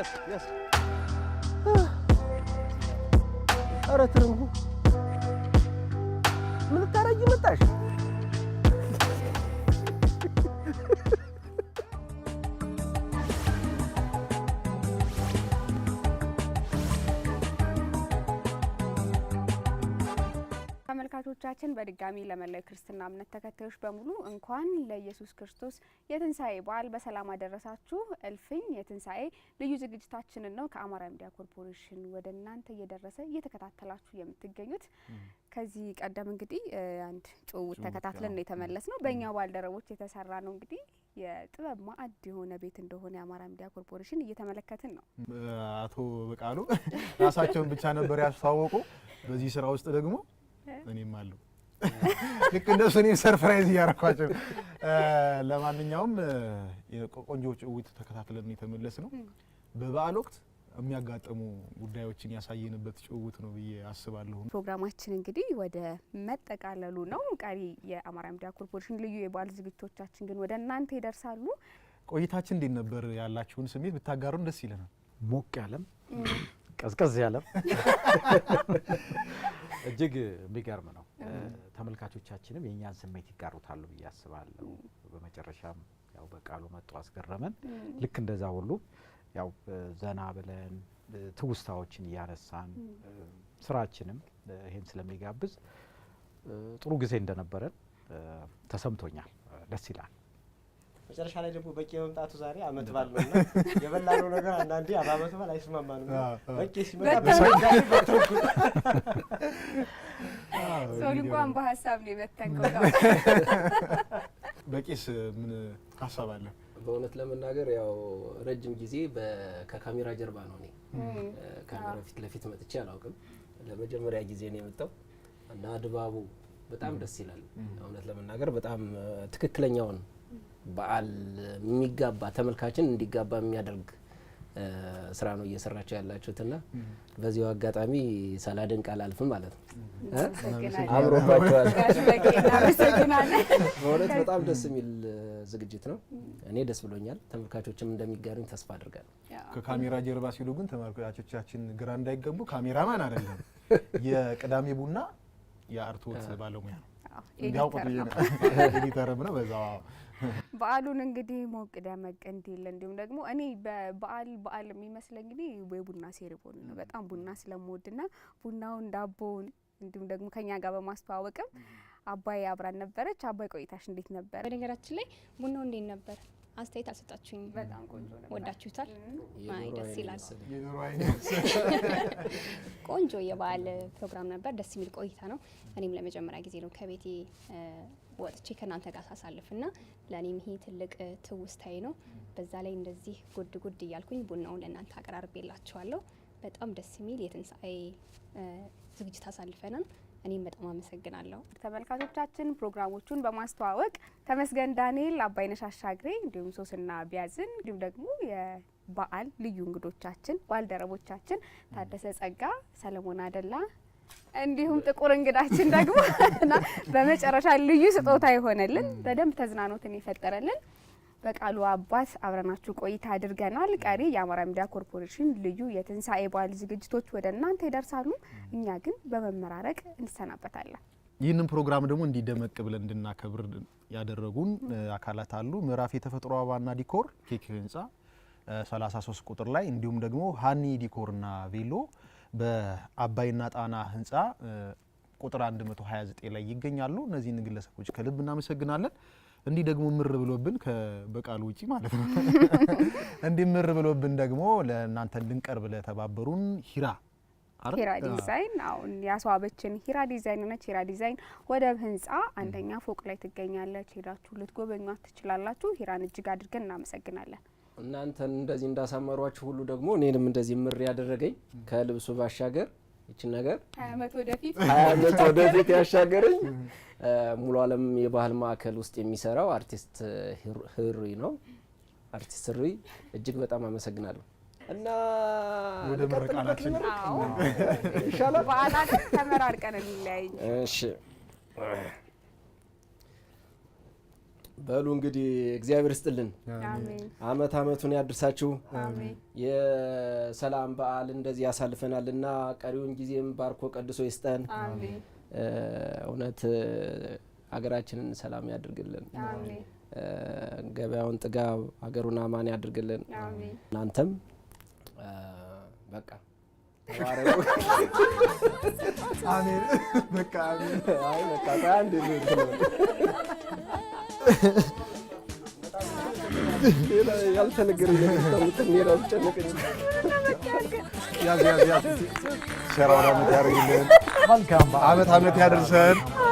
yes, yes. ኧረ ትርንጉ ምን ልታረጊ መጣሽ? ተመልካቾቻችን በድጋሚ ለመላው ክርስትና እምነት ተከታዮች በሙሉ እንኳን ለኢየሱስ ክርስቶስ የትንሣኤ በዓል በሰላም አደረሳችሁ። እልፍኝ የትንሣኤ ልዩ ዝግጅታችንን ነው ከአማራ ሚዲያ ኮርፖሬሽን ወደ እናንተ እየደረሰ እየተከታተላችሁ የምትገኙት። ከዚህ ቀደም እንግዲህ አንድ ጭውውት ተከታትለን ነው የተመለስ ነው። በእኛ ባልደረቦች የተሰራ ነው እንግዲህ የጥበብ ማዕድ የሆነ ቤት እንደሆነ የአማራ ሚዲያ ኮርፖሬሽን እየተመለከትን ነው። አቶ በቃሉ ራሳቸውን ብቻ ነበር ያስተዋወቁ። በዚህ ስራ ውስጥ ደግሞ እኔም አለሁ። ልክ እንደሱ እኔም ሰርፕራይዝ እያረኳቸው። ለማንኛውም የቆንጆ ጭውውት ተከታትለን የተመለስ ነው። በበዓል ወቅት የሚያጋጥሙ ጉዳዮችን ያሳየንበት ጭውውት ነው ብዬ አስባለሁ። ፕሮግራማችን እንግዲህ ወደ መጠቃለሉ ነው። ቀሪ የአማራ ሚዲያ ኮርፖሬሽን ልዩ የበዓል ዝግጅቶቻችን ግን ወደ እናንተ ይደርሳሉ። ቆይታችን እንዴት ነበር? ያላችሁን ስሜት ብታጋሩን ደስ ይለናል። ሞቅ ያለም ቀዝቀዝ ያለም እጅግ የሚገርም ነው። ተመልካቾቻችንም የእኛን ስሜት ይጋሩታሉ ብዬ አስባለሁ። በመጨረሻም ያው በቃሉ መጡ አስገረመን። ልክ እንደዛ ሁሉ ያው ዘና ብለን ትውስታዎችን እያነሳን ስራችንም ይህን ስለሚጋብዝ ጥሩ ጊዜ እንደነበረን ተሰምቶኛል። ደስ ይላል። መጨረሻ ላይ ደግሞ በቂ የመምጣቱ ዛሬ አመት ባል ነው እና የበላነው ነገር አንዳንዴ አባመት ባል አይስማማንም። በቂ ሲመጣ ሰውን እንኳን በሀሳብ ነው የበተንከው። በቂስ ምን ሀሳብ አለ? በእውነት ለመናገር ያው ረጅም ጊዜ ከካሜራ ጀርባ ነው እኔ ካሜራ ፊት ለፊት መጥቼ አላውቅም። ለመጀመሪያ ጊዜ ነው የመጣው እና ድባቡ በጣም ደስ ይላል። እውነት ለመናገር በጣም ትክክለኛውን በዓል የሚጋባ ተመልካችን እንዲጋባ የሚያደርግ ስራ ነው እየሰራችሁ ያላችሁትና በዚሁ አጋጣሚ ቃል አላልፍም ማለት ነው። አምሮባቸዋል። በእውነት በጣም ደስ የሚል ዝግጅት ነው። እኔ ደስ ብሎኛል። ተመልካቾችም እንደሚጋሩኝ ተስፋ አድርጋለሁ። ከካሜራ ጀርባ ሲሉ ግን ተመልካቾቻችን ግራ እንዳይገቡ ካሜራማን አይደለም፣ የቅዳሜ ቡና የአርትዖት ባለሙያ ነው። እንዲያውቁት ኤዲተርም ነው በዛ በዓሉን እንግዲህ ሞቅ ደመቅ እንዲል እንዲሁም ደግሞ እኔ በበዓል በዓል የሚመስለ እንግዲህ የቡና ሴሪሞኒ ነው። በጣም ቡና ስለምወድና ቡናውን ዳቦውን እንዲሁም ደግሞ ከኛ ጋር በማስተዋወቅም አባይ አብራን ነበረች። አባይ ቆይታሽ እንዴት ነበር? በነገራችን ላይ ቡናው እንዴት ነበር? አስተያየት አልሰጣችሁኝ። ወዳችሁታል? አይ ደስ ይላል። ቆንጆ የበዓል ፕሮግራም ነበር። ደስ የሚል ቆይታ ነው። እኔም ለመጀመሪያ ጊዜ ነው ከቤቴ ወጥቼ ከእናንተ ጋር ሳሳልፍ እና ለእኔም ይሄ ትልቅ ትውስታዬ ነው። በዛ ላይ እንደዚህ ጉድ ጉድ እያልኩኝ ቡናውን ለእናንተ አቀራርቤላችኋለሁ። በጣም ደስ የሚል የትንሳኤ ዝግጅት አሳልፈናል። እኔም በጣም አመሰግናለሁ። ተመልካቾቻችን ፕሮግራሞቹን በማስተዋወቅ ተመስገን ዳንኤል፣ አባይነሽ አሻግሬ እንዲሁም ሶስና ቢያዝን እንዲሁም ደግሞ የበዓል ልዩ እንግዶቻችን ባልደረቦቻችን ታደሰ ጸጋ፣ ሰለሞን አደላ እንዲሁም ጥቁር እንግዳችን ደግሞ እና በመጨረሻ ልዩ ስጦታ የሆነልን በደንብ ተዝናኖትን የፈጠረልን በቃሉ አባት አብረናችሁ ቆይታ አድርገናል። ቀሪ የአማራ ሚዲያ ኮርፖሬሽን ልዩ የትንሣኤ በዓል ዝግጅቶች ወደ እናንተ ይደርሳሉ። እኛ ግን በመመራረቅ እንሰናበታለን። ይህንን ፕሮግራም ደግሞ እንዲደመቅ ብለን እንድናከብር ያደረጉን አካላት አሉ። ምዕራፍ የተፈጥሮ አበባና ዲኮር ኬክ ህንፃ 33 ቁጥር ላይ እንዲሁም ደግሞ ሀኒ ዲኮርና ቬሎ በአባይና ጣና ህንፃ ቁጥር 129 ላይ ይገኛሉ። እነዚህን ግለሰቦች ከልብ እናመሰግናለን። እንዲህ ደግሞ ምር ብሎብን በቃል ውጪ ማለት ነው። እንዲህ ምር ብሎብን ደግሞ ለእናንተ ልንቀርብ ለተባበሩን ሂራ ሂራ ዲዛይን አሁን ያስዋበችን ሂራ ዲዛይን ነች። ሂራ ዲዛይን ወደብ ህንጻ አንደኛ ፎቅ ላይ ትገኛለች። ሄዳችሁ ልትጎበኟት ትችላላችሁ። ሂራን እጅግ አድርገን እናመሰግናለን። እናንተን እንደዚህ እንዳሳመሯችሁ ሁሉ ደግሞ እኔንም እንደዚህ ምር ያደረገኝ ከልብሱ ባሻገር ይችን ነገር ሀያ ዓመት ወደፊት ያሻገረኝ ሙሉ አለም የባህል ማዕከል ውስጥ የሚሰራው አርቲስት ህሩይ ነው። አርቲስት ህሩይ እጅግ በጣም አመሰግናለሁ እና ወደ ምርቃናችን ይሻላል። በዓላት ተመራርቀን እንለያይ። እሺ በሉ እንግዲህ እግዚአብሔር ስጥልን አመት አመቱን ያድርሳችሁ። የሰላም በዓል እንደዚህ ያሳልፈናል እና ቀሪውን ጊዜም ባርኮ ቀድሶ ይስጠን። እውነት ሀገራችንን ሰላም ያድርግልን፣ ገበያውን ጥጋብ፣ ሀገሩን አማን ያድርግልን። እናንተም በቃ አሜን በቃ ያልተነገረኝ መልካም አመት አመት ያደርሰን።